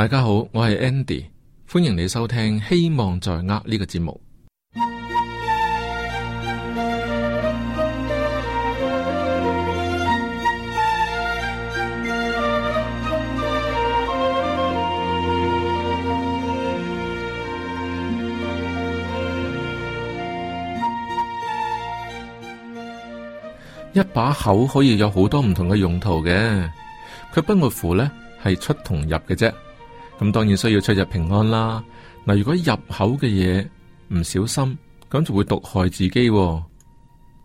大家好，我係 Andy，歡迎你收聽《希望在握》呢個節目。 一把口可以有好多唔同嘅用途嘅，佢不外乎呢係出同入嘅啫。咁當然需要出入平安啦。嗱，如果入口嘅嘢唔小心，咁就會毒害自己啊，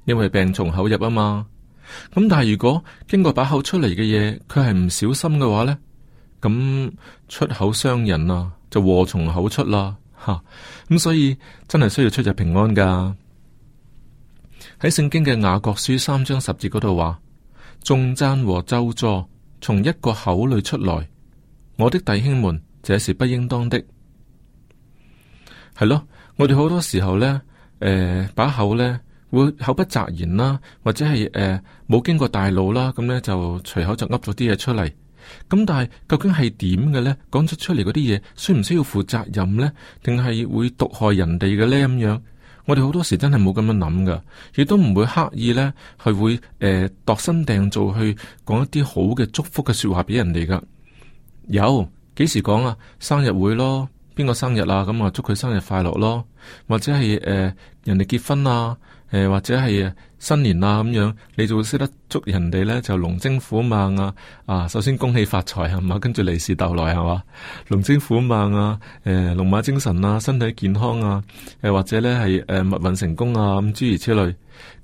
因為病從口入啊嘛。咁但係如果經過把口出嚟嘅嘢，佢係唔小心嘅話呢，咁出口傷人啊，就禍從口出啦。吓咁，所以真係需要出入平安噶。喺聖經嘅雅各書三章十節嗰度話：頌讚和咒詛從一個口裏出來，我的弟兄們。這是不應當的。係咯，我哋好多時候呢，誒、呃，把口呢會口不擇言啦，或者係誒冇經過大腦啦，咁呢就隨口就噏咗啲嘢出嚟。咁但係究竟係點嘅呢？講出出嚟嗰啲嘢，需唔需要負責任呢？定係會毒害人哋嘅呢？咁樣，我哋好多時真係冇咁樣諗噶，亦都唔會刻意呢，係會誒、呃、度身訂造去講一啲好嘅祝福嘅說話俾人哋噶，有。幾時講啊？生日會咯，邊個生日啊？咁啊，祝佢生日快樂咯。或者係誒、呃、人哋結婚啊，誒、呃、或者係新年啊咁樣，你就會識得祝人哋咧就龍精虎猛啊！啊，首先恭喜發財係嘛，跟住利是逗來係嘛，龍精虎猛啊，誒、呃、龍馬精神啊，身體健康啊，誒、呃、或者咧係誒物運成功啊咁諸如此類。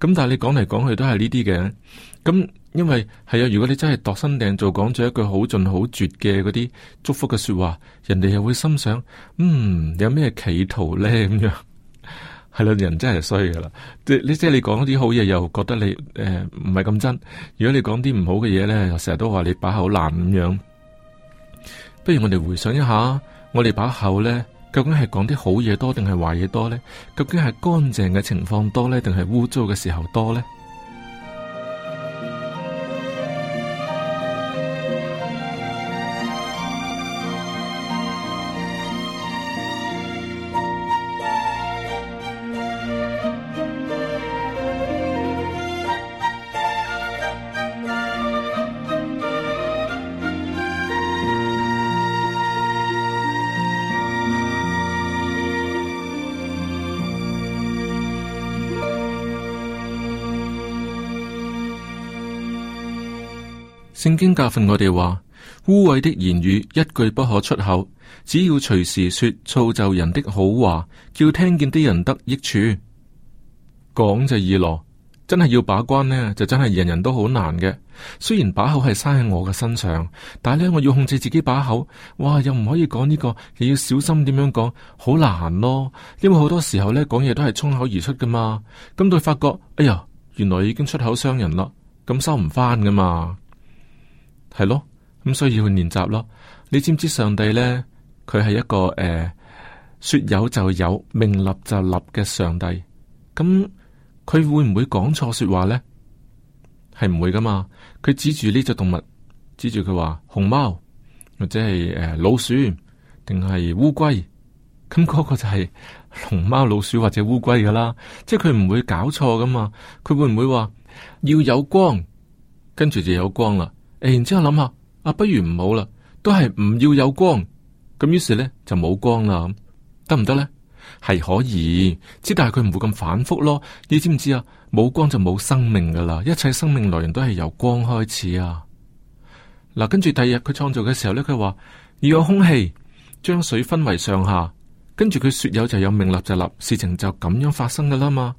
咁但係你講嚟講去都係呢啲嘅，咁。因為係啊，如果你真係度身訂做講咗一句好盡好絕嘅嗰啲祝福嘅說話，人哋又會心想，嗯，有咩企圖咧咁樣，係啦，人真係衰噶啦。即你即係你講啲好嘢，又覺得你誒唔係咁真；如果你講啲唔好嘅嘢咧，又成日都話你把口爛咁樣。不如我哋回想一下，我哋把口咧，究竟係講啲好嘢多定係壞嘢多咧？究竟係乾淨嘅情況多咧，定係污糟嘅時候多咧？聖經教訓我哋話，污穢的言語一句不可出口，只要隨時說造就人的好話，叫聽見的人得益處。講就易咯，真係要把關呢，就真係人人都好難嘅。雖然把口係生喺我嘅身上，但係呢，我要控制自己把口。哇，又唔可以講呢個，又要小心點樣講，好難咯。因為好多時候呢，講嘢都係衝口而出噶嘛，咁到發覺，哎呀，原來已經出口傷人啦，咁收唔翻噶嘛。係咯，咁所以要練習咯。你知唔知上帝咧？佢係一個誒、欸，說有就有，命立就立嘅上帝。咁、嗯、佢會唔會講錯說話咧？係唔會噶嘛？佢指住呢隻動物，指住佢話熊貓，或者係誒、欸、老鼠，定係烏龜。咁、嗯、嗰、嗰個就係熊貓、老鼠或者烏龜噶啦。即係佢唔會搞錯噶嘛。佢會唔會話要有光，跟住就有光啦？誒、哎，然之後諗下，啊，不如唔好啦，都係唔要有光，咁於是咧就冇光啦，得唔得咧？係可以，只但係佢唔會咁反覆咯。你知唔知啊？冇光就冇生命噶啦，一切生命來源都係由光開始啊！嗱、啊，跟住第二日佢創造嘅時候咧，佢話要有空氣，將水分為上下，跟住佢說有就有，命立就立，事情就咁樣發生噶啦嘛。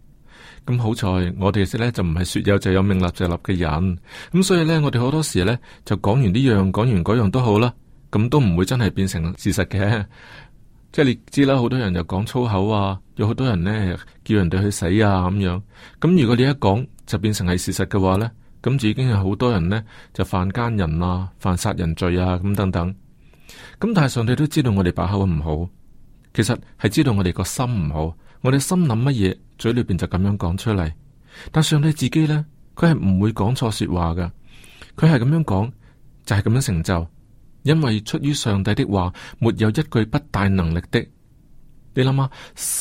咁好彩，我哋識咧就唔係說有就有、命立就立嘅人，咁所以呢，我哋好多時呢就講完呢樣、講完嗰樣都好啦，咁都唔會真係變成事實嘅。即係你知啦，好多人又講粗口啊，有好多人呢叫人哋去死啊咁樣。咁如果你一講就變成係事實嘅話呢，咁就已經有好多人呢就犯奸人啊、犯殺人罪啊咁等等。咁但係上帝都知道我哋把口唔好，其實係知道我哋個心唔好，我哋心諗乜嘢。嘴裏邊就咁樣講出嚟，但上帝自己呢，佢係唔會講錯說話噶，佢係咁樣講就係、是、咁樣成就，因為出於上帝的話，沒有一句不帶能力的。你諗下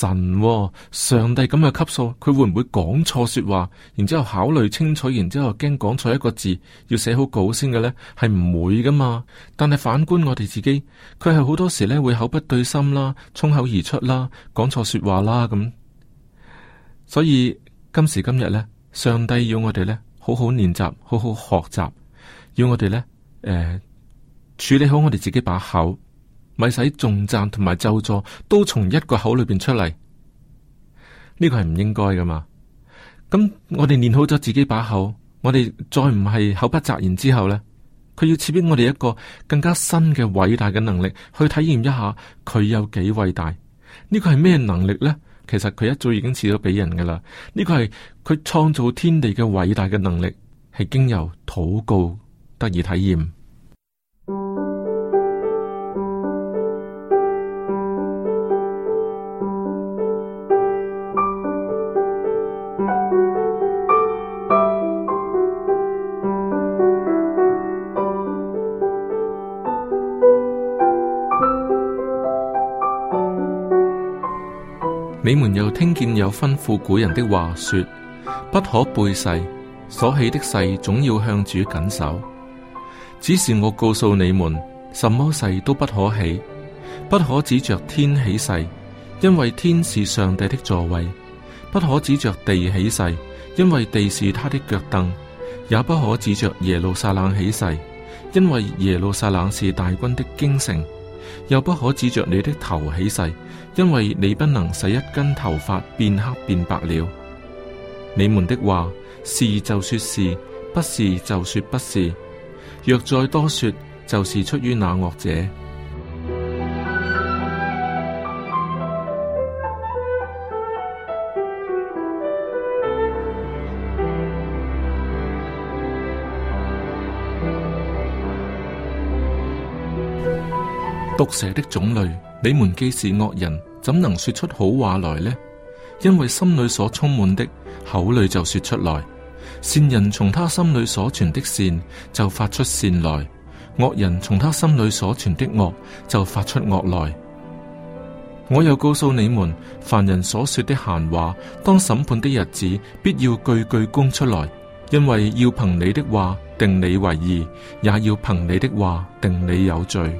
神、哦、上帝咁嘅級數，佢會唔會講錯說話？然之後考慮清楚，然之後驚講錯一個字，要寫好稿先嘅呢，係唔會噶嘛？但係反觀我哋自己，佢係好多時呢，會口不對心啦，衝口而出啦，講錯說話啦咁。所以今時今日咧，上帝要我哋咧好好練習，好好學習，要我哋咧誒處理好我哋自己把口，咪使頌讚同埋咒詛都從一個口裏邊出嚟。呢個係唔應該噶嘛？咁我哋練好咗自己把口，我哋再唔係口不擇言之後咧，佢要賜俾我哋一個更加新嘅偉大嘅能力去體驗一下佢有幾偉大。呢個係咩能力呢？其實佢一早已經賜咗俾人噶啦，呢個係佢創造天地嘅偉大嘅能力，係經由禱告得以體驗。又聽見有吩咐古人的話說：不可背誓。所起的誓總要向主謹守。只是我告訴你們，什麼誓都不可起，不可指着天起誓，因為天是上帝的座位；不可指着地起誓，因為地是他的腳凳；也不可指着耶路撒冷起誓，因為耶路撒冷是大軍的京城；又不可指着你的頭起誓。因為你不能使一根頭髮變黑變白了，你們的話，是就說是，不是就說不是，若再多說，就是出於那惡者。毒蛇的種類。你們既是惡人，怎能說出好話來呢？因為心裏所充滿的，口裏就說出來。善人從他心裏所存的善，就發出善來；惡人從他心裏所存的惡，就發出惡來。我又告訴你們，凡人所說的閒話，當審判的日子，必要句句供出來，因為要憑你的話定你為義，也要憑你的話定你有罪。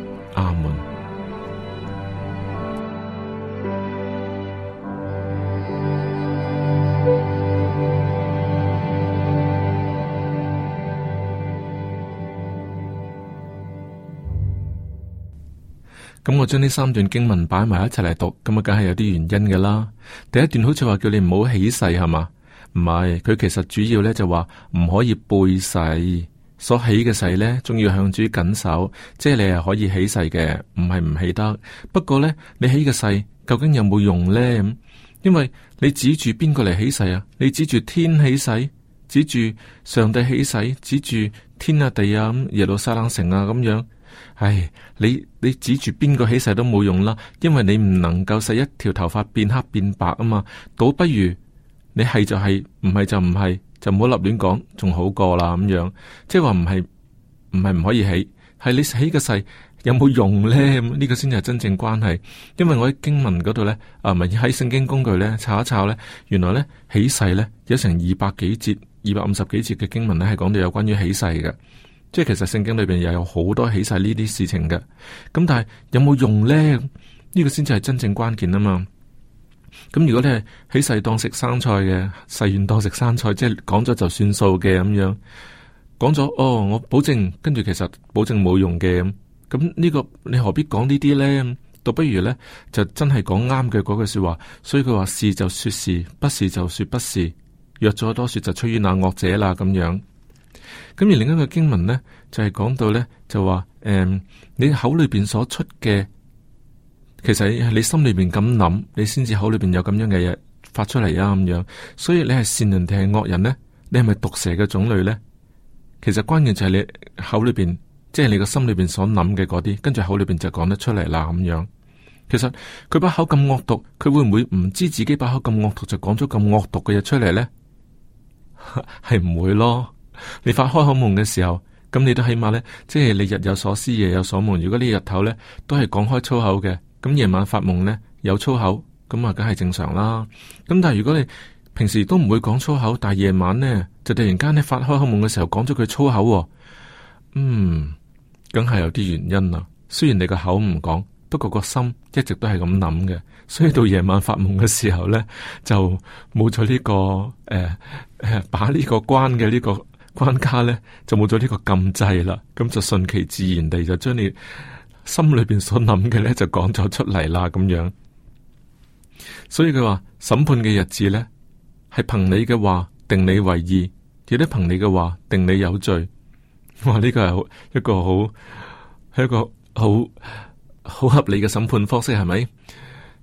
阿門。咁 我將呢三段經文擺埋一齊嚟讀，咁啊，梗係有啲原因嘅啦。第一段好似話叫你唔好起誓係嘛，唔係，佢其實主要咧就話唔可以背誓。所起嘅誓呢，仲要向住謹守，即係你係可以起誓嘅，唔係唔起得。不過呢，你起嘅誓究竟有冇用呢？因為你指住邊個嚟起誓啊？你指住天起誓，指住上帝起誓，指住天啊地啊咁耶路撒冷城啊咁樣。唉，你你指住邊個起誓都冇用啦，因為你唔能夠使一條頭髮變黑變白啊嘛，倒不如你係就係、是，唔係就唔係就唔好立亂講，仲好過啦咁樣，即係話唔係唔係唔可以起，係你起個勢有冇用咧？呢個先至係真正關係。因為我喺經文嗰度咧，啊，咪喺聖經工具呢抄一抄呢。原來呢，起勢呢，有成二百幾節、二百五十幾節嘅經文呢，係講到有關於起勢嘅。即係其實聖經裏邊又有好多起勢呢啲事情嘅。咁但係有冇用呢？呢個先至係真正關鍵啊嘛。咁如果你係起誓當食生菜嘅，誓願當食生菜，即係講咗就算數嘅，咁樣，講咗，哦，我保證，跟住其實保證冇用嘅。咁，咁呢、這個你何必講呢啲呢？倒不如呢，就真係講啱嘅嗰句說話，所以佢話是就說是，不是就說不是，約咗多說就出於那惡者啦咁樣。咁而另一個經文呢，就係、是、講到呢，就話誒、嗯，你口裏邊所出嘅。其實你心裏邊咁諗，你先至口裏邊有咁樣嘅嘢發出嚟啊，咁樣。所以你係善人定係惡人呢？你係咪毒蛇嘅種類呢？其實關鍵就係你口裏邊，即係你個心裏邊所諗嘅嗰啲，跟住口裏邊就講得出嚟啦，咁樣。其實佢把口咁惡毒，佢會唔會唔知自己把口咁惡毒就講咗咁惡毒嘅嘢出嚟呢？係 唔會咯？你發開口夢嘅時候，咁你都起碼呢，即係你日有所思夜有所夢。如果你日頭呢，都係講開粗口嘅。咁夜晚發夢呢，有粗口，咁啊梗係正常啦。咁但係如果你平時都唔會講粗口，但係夜晚呢，就突然間你發開口夢嘅時候講咗句粗口，哦，嗯，梗係有啲原因啦。雖然你個口唔講，不過個心一直都係咁諗嘅，所以到夜晚發夢嘅時候呢，就冇咗呢個誒、呃、把呢個關嘅呢個關卡呢，就冇咗呢個禁制啦，咁就順其自然地就將你。心裏邊所諗嘅咧，就講咗出嚟啦，咁樣，所以佢話審判嘅日子咧，係憑你嘅話定你為義，亦都憑你嘅話定你有罪。我話呢個係一個好，係一個好好合理嘅審判方式，係咪？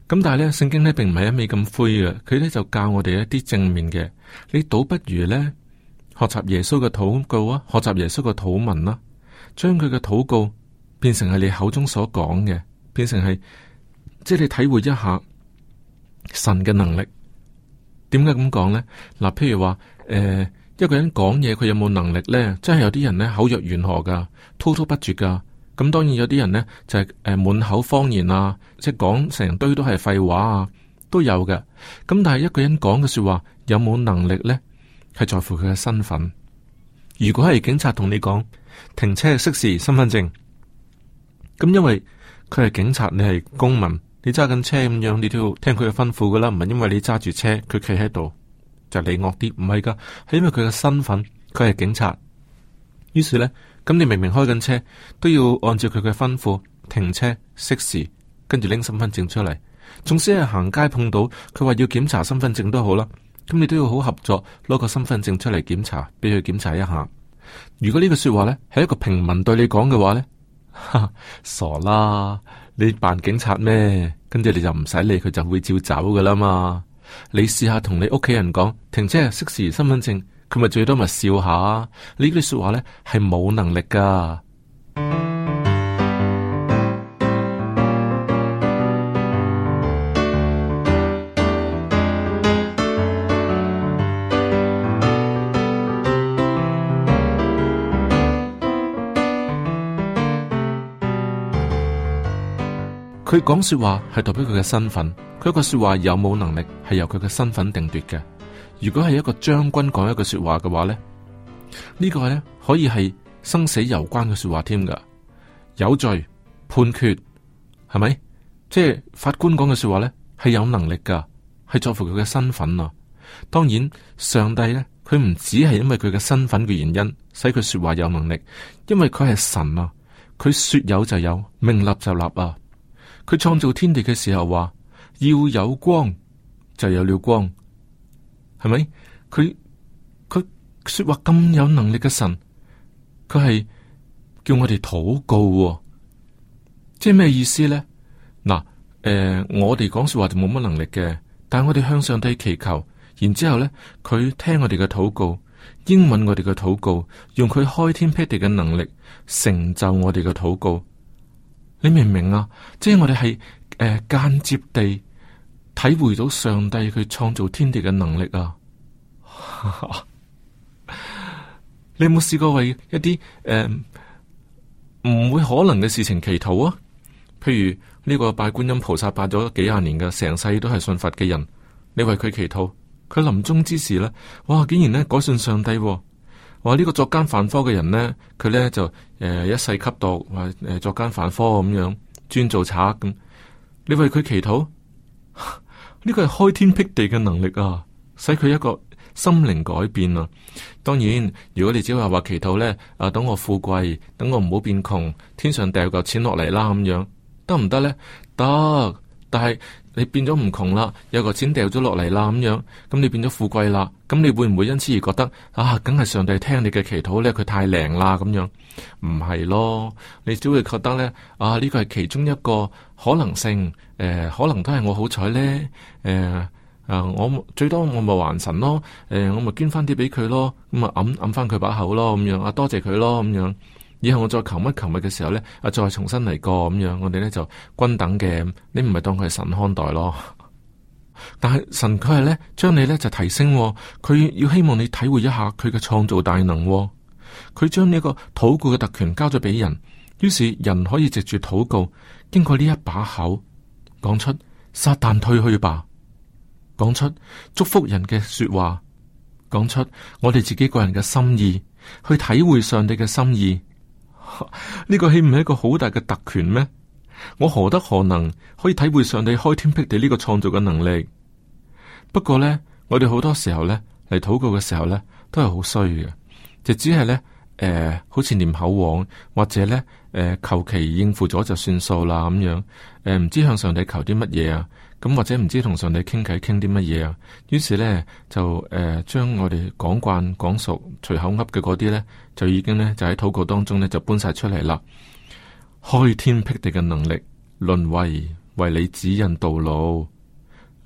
咁但係咧，聖經呢，並唔係一味咁灰嘅，佢咧就教我哋一啲正面嘅。你倒不如咧學習耶穌嘅禱告啊，學習耶穌嘅禱文啦、啊，將佢嘅禱告。變成係你口中所講嘅，變成係即係你體會一下神嘅能力。點解咁講呢？嗱、啊，譬如話誒、呃，一個人講嘢，佢有冇能力呢？真係有啲人呢，口若懸河噶滔滔不絕噶。咁當然有啲人呢，就係誒滿口方言啊，即係講成堆都係廢話啊，都有嘅。咁但係一個人講嘅說話有冇能力呢？係在乎佢嘅身份。如果係警察同你講停車熄匙，身份證。咁因為佢係警察，你係公民，你揸緊車咁樣，你都要聽佢嘅吩咐噶啦。唔係因為你揸住車，佢企喺度就你惡啲，唔係噶，係因為佢嘅身份，佢係警察。於是呢，咁你明明開緊車，都要按照佢嘅吩咐停車、熄匙，跟住拎身份證出嚟。即使係行街碰到佢話要檢查身份證都好啦，咁你都要好合作，攞個身份證出嚟檢查，俾佢檢查一下。如果呢個說話呢，係一個平民對你講嘅話呢。哈哈傻啦！你扮警察咩？跟住你就唔使理佢就會照走噶啦嘛！你試下同你屋企人講，停車熄匙身份證，佢咪最多咪笑下。呢句說話咧係冇能力噶。佢講說話係代表佢嘅身份，佢一個說話有冇能力係由佢嘅身份定奪嘅。如果係一個將軍講一句說話嘅話咧，呢個咧可以係生死攸關嘅說話添。噶有罪判決係咪？即係法官講嘅說話咧係有能力噶，係作乎佢嘅身份啊。當然上帝咧，佢唔只係因為佢嘅身份嘅原因使佢說話有能力，因為佢係神啊，佢說有就有，命立就立啊。佢創造天地嘅時候話，要有光就有了光，係咪？佢，佢說話咁有能力嘅神，佢係叫我哋禱告，哦，即係咩意思咧？嗱，誒、呃，我哋講說話就冇乜能力嘅，但係我哋向上帝祈求，然之後咧，佢聽我哋嘅禱告，應允我哋嘅禱告，用佢開天辟地嘅能力成就我哋嘅禱告。你明唔明啊？即係我哋係誒間接地體會到上帝佢創造天地嘅能力啊！ 你有冇試過為一啲誒唔會可能嘅事情祈禱啊？譬如呢，這個拜觀音菩薩拜咗幾廿年嘅成世都係信佛嘅人，你為佢祈禱，佢臨終之時呢，哇！竟然呢改信上帝喎，啊！話呢、這個作奸犯科嘅人呢，佢呢就誒、呃、一世吸毒，話、呃、誒作奸犯科咁樣專做賊咁。你為佢祈禱，呢 個係開天闢地嘅能力啊，使佢一個心靈改變啊。當然，如果你只係話祈禱呢，啊等我富貴，等我唔好變窮，天上掉嚿錢落嚟啦咁樣，得唔得呢？得，但係。你變咗唔窮啦，有個錢掉咗落嚟啦，咁樣，咁你變咗富貴啦，咁你會唔會因此而覺得啊，梗係上帝聽你嘅祈禱咧，佢太靈啦，咁樣，唔係咯，你只會覺得咧，啊呢個係其中一個可能性，誒、呃、可能都係我好彩咧，誒、呃、啊我最多我咪還神咯，誒、呃、我咪捐翻啲俾佢咯，咁啊揞揞翻佢把口咯，咁樣啊多謝佢咯，咁樣。以後我再求乜求乜嘅時候呢，啊，再重新嚟過咁樣我，我哋呢就均等嘅，你唔係當佢係神看待咯。但係神佢係咧將你呢就提升，哦，佢要希望你體會一下佢嘅創造大能，哦，佢將呢一個禱告嘅特權交咗俾人，於是人可以藉住禱告，經過呢一把口講出撒旦退去吧，講出祝福人嘅說話，講出我哋自己個人嘅心意，去體會上帝嘅心意。呢個豈唔係一個好大嘅特權咩？我何德何能可以體會上帝開天辟地呢個創造嘅能力？不過呢，我哋好多時候呢，嚟禱告嘅時候呢，都係好衰嘅，就只係呢，誒、呃，好似念口簧或者呢，誒、呃，求其應付咗就算數啦咁樣，誒、呃，唔知向上帝求啲乜嘢啊？咁、嗯、或者唔知同上帝傾偈傾啲乜嘢啊？於是咧就誒、呃，將我哋講慣講熟隨口噏嘅嗰啲咧，就已經咧就喺禱告當中咧就搬晒出嚟啦。開天闢地嘅能力，淪為為你指引道路。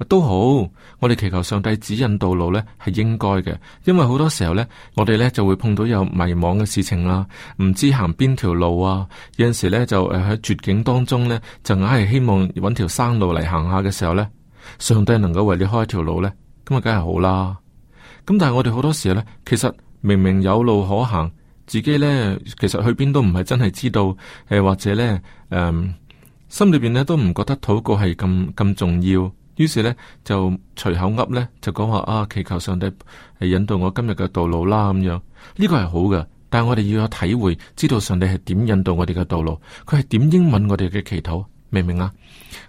都好，我哋祈求上帝指引道路咧，係應該嘅。因為好多時候咧，我哋咧就會碰到有迷茫嘅事情啦、啊，唔知行邊條路啊。有陣時咧就誒喺、呃、絕境當中咧，就硬係希望揾條生路嚟行下嘅時候咧，上帝能夠為你開一條路咧，咁啊，梗係好啦。咁但係我哋好多時候咧，其實明明有路可行，自己咧其實去邊都唔係真係知道，誒、呃、或者咧誒、呃、心裏邊咧都唔覺得禱告係咁咁重要。於是咧就隨口噏，咧就講話啊，祈求上帝係引導我今日嘅道路啦。咁樣，呢個係好嘅，但係我哋要有體會，知道上帝係點引導我哋嘅道路，佢係點應允我哋嘅祈禱，明唔明啊？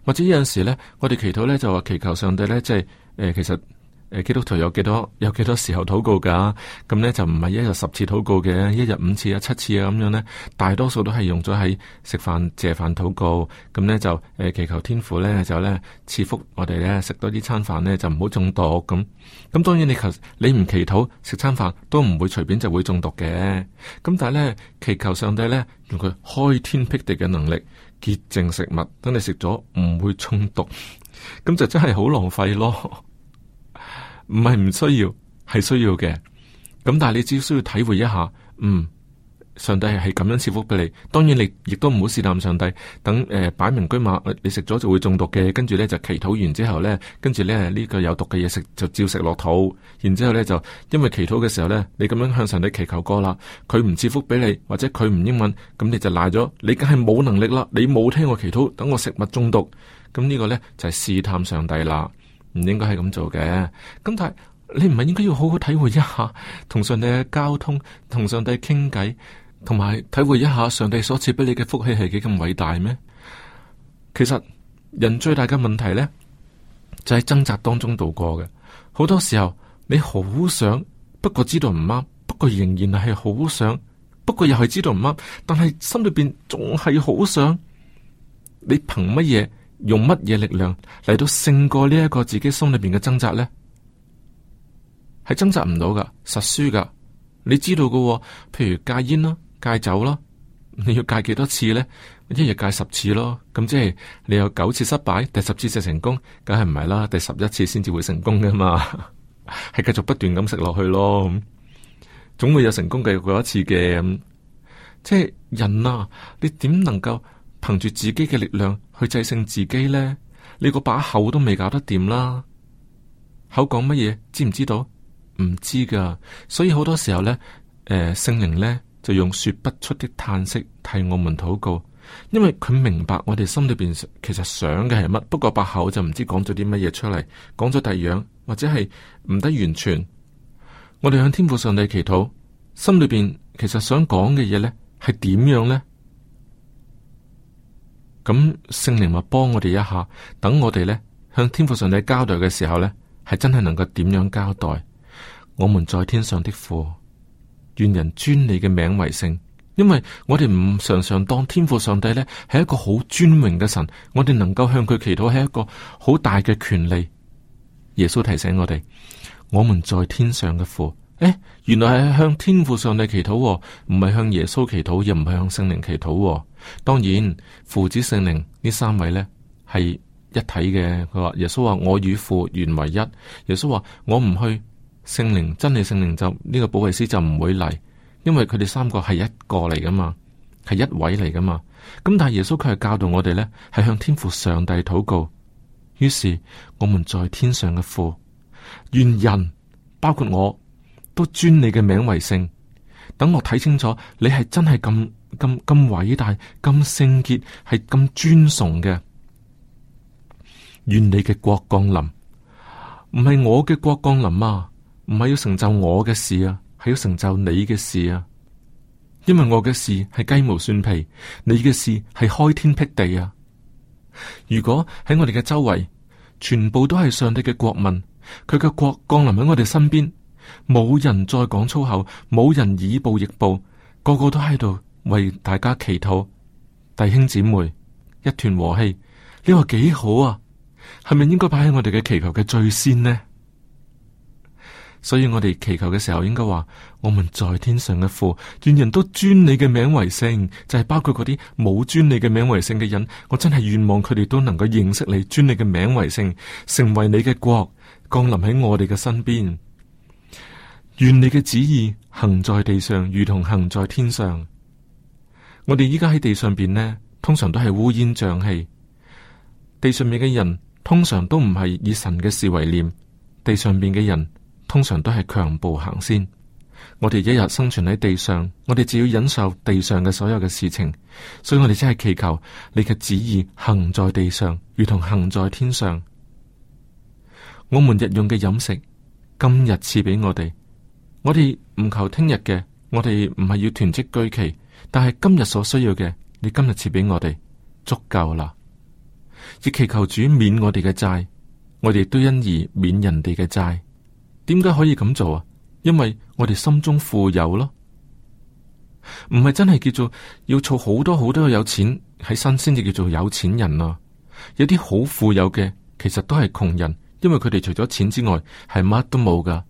或者有陣時咧，我哋祈禱咧就話，祈求上帝咧即係誒其實。誒，基督徒有幾多有幾多時候禱告噶？咁咧就唔係一日十次禱告嘅，一日五次啊、七次啊咁樣咧，大多數都係用咗喺食飯、謝飯禱告。咁咧就誒、呃、祈求天父咧就咧賜福我哋咧食多啲餐飯咧就唔好中毒咁。咁當然你求你唔祈禱食餐飯都唔會隨便就會中毒嘅。咁但係咧祈求上帝咧用佢開天辟地嘅能力潔淨食物，等你食咗唔會中毒。咁就真係好浪費咯。唔係唔需要，係需要嘅。咁但係你只需要體會一下，嗯，上帝係係咁樣賜福俾你。當然你亦都唔好試探上帝。等誒、呃、擺明車馬，你食咗就會中毒嘅。跟住咧就祈禱完之後咧，跟住咧呢、這個有毒嘅嘢食就照食落肚。然之後咧就因為祈禱嘅時候咧，你咁樣向上帝祈求過啦，佢唔賜福俾你或者佢唔應允，咁、嗯、你就賴咗。你梗係冇能力啦，你冇聽我祈禱，等我食物中毒。咁、嗯，這個、呢個咧就係、是、試探上帝啦。唔應該係咁做嘅，咁但係你唔係應該要好好體會一下同上帝嘅交通，同上帝傾偈，同埋體會一下上帝所賜俾你嘅福氣係幾咁偉大咩？其實人最大嘅問題呢，就係掙扎當中度過嘅。好多時候你好想，不過知道唔啱，不過仍然係好想，不過又係知道唔啱，但係心裏邊仲係好想。你憑乜嘢？用乜嘢力量嚟到勝過呢一個自己心裏邊嘅掙扎呢？係掙扎唔到噶，實輸噶，你知道噶、哦。譬如戒煙啦、啊，戒酒啦、啊，你要戒幾多次呢？一日戒十次咯，咁即係你有九次失敗，第十次就成功，梗係唔係啦。第十一次先至會成功噶嘛，係 繼續不斷咁食落去咯。咁總會有成功嘅嗰一次嘅。咁、嗯、即係人啊，你點能夠？憑住自己嘅力量去制勝自己呢，你個把口都未搞得掂啦。口講乜嘢？知唔知道？唔知噶。所以好多時候呢，誒、呃，聖靈呢就用說不出的嘆息替我們禱告，因為佢明白我哋心裏邊其實想嘅係乜，不過把口就唔知講咗啲乜嘢出嚟，講咗第二樣或者係唔得完全。我哋向天父上帝祈禱，心裏邊其實想講嘅嘢呢，係點樣呢？咁聖靈咪幫我哋一下，等我哋咧向天父上帝交代嘅時候咧，係真係能夠點樣交代？我們在天上的父，願人尊你嘅名為聖。因為我哋唔常常當天父上帝咧係一個好尊榮嘅神，我哋能夠向佢祈禱係一個好大嘅權利。耶穌提醒我哋，我們在天上嘅父，誒，原來係向天父上帝祈禱，唔係向耶穌祈禱，亦唔係向聖靈祈禱。當然，父子聖靈呢三位呢係一體嘅。佢話耶穌話我與父原為一。耶穌話我唔去聖靈，真理聖靈就呢個保惠師就唔會嚟，因為佢哋三個係一個嚟噶嘛，係一位嚟噶嘛。咁但係耶穌佢係教導我哋呢，係向天父上帝禱告。於是我們在天上嘅父，願人包括我都尊你嘅名為聖。等我睇清楚你，你係真係咁咁咁偉大、咁聖潔、係咁尊崇嘅，願你嘅國降臨，唔係我嘅國降臨啊！唔係要成就我嘅事啊，係要成就你嘅事啊！因為我嘅事係雞毛蒜皮，你嘅事係開天闢地啊！如果喺我哋嘅周圍，全部都係上帝嘅國民，佢嘅國降臨喺我哋身邊。冇人再講粗口，冇人以暴易暴，個個都喺度為大家祈禱。弟兄姊妹，一團和氣，你話幾好啊？係咪應該擺喺我哋嘅祈求嘅最先呢？所以我哋祈求嘅時候應該，應該話我們在天上嘅父，願人，人都尊你嘅名為聖，就係、是、包括嗰啲冇尊你嘅名為聖嘅人。我真係願望佢哋都能夠認識你，尊你嘅名為聖，成為你嘅國，降臨喺我哋嘅身邊。願你嘅旨意行在地上，如同行在天上。我哋依家喺地上邊呢，通常都係烏煙瘴氣。地上面嘅人通常都唔係以神嘅事為念，地上邊嘅人通常都係強暴行先。我哋一日生存喺地上，我哋只要忍受地上嘅所有嘅事情，所以我哋只係祈求你嘅旨意行在地上，如同行在天上。我們日用嘅飲食，今日賜俾我哋。我哋唔求聽日嘅，我哋唔係要囤積居奇，但係今日所需要嘅，你今日賜俾我哋足夠啦。亦祈求主免我哋嘅債，我哋都因而免人哋嘅債。點解可以咁做啊？因為我哋心中富有咯。唔係真係叫做要儲好多好多嘅有錢喺身先至叫做有錢人啊。有啲好富有嘅，其實都係窮人，因為佢哋除咗錢之外，係乜都冇噶。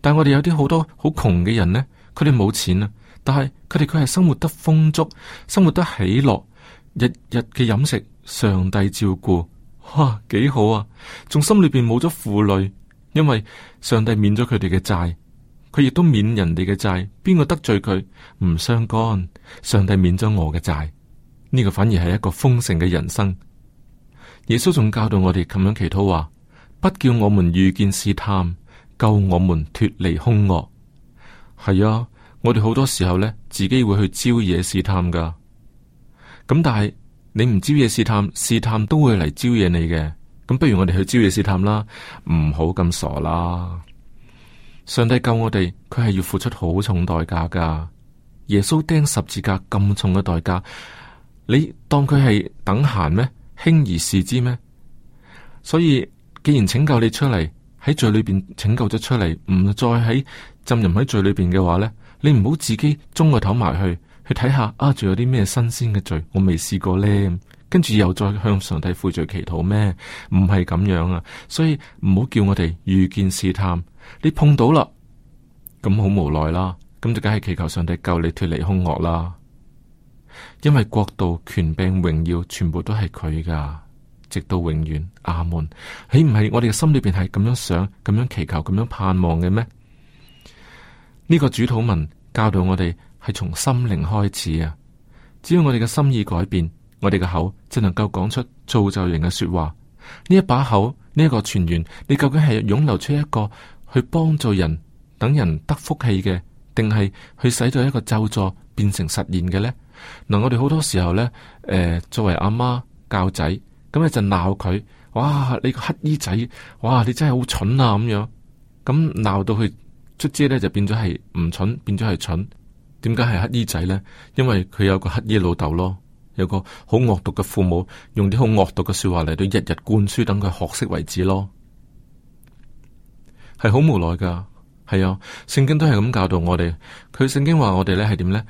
但係我哋有啲好多好窮嘅人呢？佢哋冇錢啊！但係佢哋佢係生活得豐足，生活得喜樂，日日嘅飲食上帝照顧，哇，幾好啊！仲心裏邊冇咗負累，因為上帝免咗佢哋嘅債，佢亦都免人哋嘅債，邊個得罪佢唔相干。上帝免咗我嘅債，呢個反而係一個豐盛嘅人生。耶穌仲教導我哋咁樣祈禱話：不叫我們遇見試探。救我們脫離兇惡。係啊！我哋好多時候呢，自己會去招惹試探噶。咁但係你唔招惹試探，試探都會嚟招惹你嘅。咁不如我哋去招惹試探啦，唔好咁傻啦。上帝救我哋，佢係要付出好重代價噶。耶穌釘十字架咁重嘅代價，你當佢係等閒咩？輕而視之咩？所以既然拯救你出嚟。喺罪裏邊拯救咗出嚟，唔再喺浸淫喺罪裏邊嘅話呢，你唔好自己中個頭埋去，去睇下啊，仲有啲咩新鮮嘅罪，我未試過呢。跟住又再向上帝悔罪祈禱咩？唔係咁樣啊，所以唔好叫我哋遇見試探，你碰到啦，咁好無奈啦，咁就梗係祈求上帝救你脫離凶惡啦，因為國度、權柄、榮耀，全部都係佢噶。直到永遠，阿門，豈唔係我哋嘅心裏邊係咁樣想，咁樣祈求，咁樣盼望嘅咩？呢、這個主禱文教導我哋係從心靈開始啊。只要我哋嘅心意改變，我哋嘅口就能夠講出造就人嘅說話。呢一把口，呢、這、一個傳言，你究竟係湧流出一個去幫助人等人得福氣嘅，定係去使到一個咒詛變成實現嘅呢？嗱、呃，我哋好多時候呢，誒、呃，作為阿媽教仔。咁你就鬧佢，哇！你個乞兒仔，哇！你真係好蠢啊，咁樣咁鬧到佢卒之咧，就變咗係唔蠢，變咗係蠢。點解係乞兒仔咧？因為佢有個乞兒老豆咯，有個好惡毒嘅父母，用啲好惡毒嘅說話嚟到日日灌輸，等佢學識為止咯，係好無奈噶。係啊，聖經都係咁教導我哋。佢聖經話我哋咧係點咧？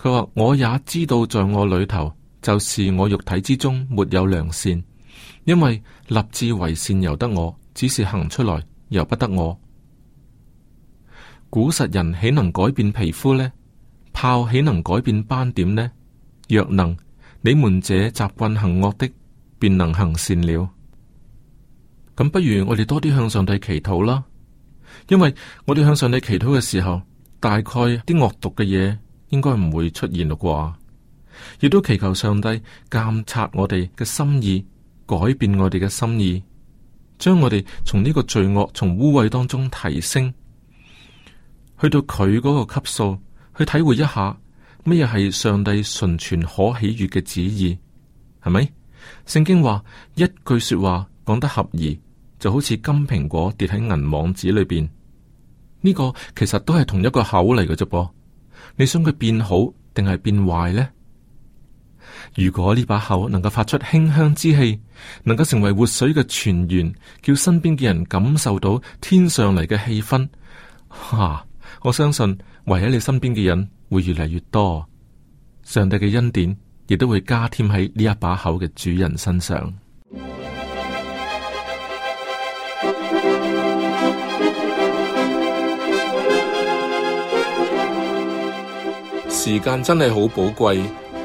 佢話我也知道在我裏頭就是我肉體之中沒有良善，因為立志為善由得我，只是行出來由不得我。古實人豈能改變皮膚呢？豹豈能改變斑點呢？若能，你們這習慣行惡的，便能行善了。咁不如我哋多啲向上帝祈禱啦，因為我哋向上帝祈禱嘅時候，大概啲惡毒嘅嘢應該唔會出現啦啩。亦都祈求上帝監察我哋嘅心意，改變我哋嘅心意，將我哋從呢個罪惡、從污穢當中提升，去到佢嗰個級數，去體會一下乜嘢係上帝純全可喜悅嘅旨意，係咪？聖經話一句話說話講得合宜，就好似金蘋果跌喺銀網子裏邊，呢個其實都係同一個口嚟嘅啫噃。你想佢變好定係變壞呢？如果呢把口能夠發出馨香之氣，能夠成為活水嘅泉源，叫身邊嘅人感受到天上嚟嘅氣氛，哇、啊！我相信，圍喺你身邊嘅人會越嚟越多，上帝嘅恩典亦都會加添喺呢一把口嘅主人身上。時間真係好寶貴。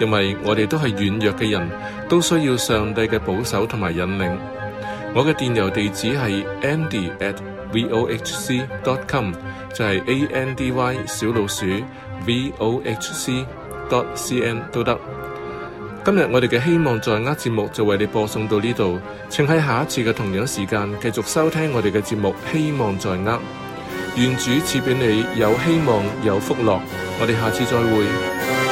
因為我哋都係軟弱嘅人，都需要上帝嘅保守同埋引領。我嘅電郵地址係 andy at vohc dot com，就係 a n d y 小老鼠 v o h c dot c n 都得。今日我哋嘅希望在握節目就為你播送到呢度，請喺下一次嘅同樣時間繼續收聽我哋嘅節目。希望在握，願主賜俾你有希望有福樂。我哋下次再會。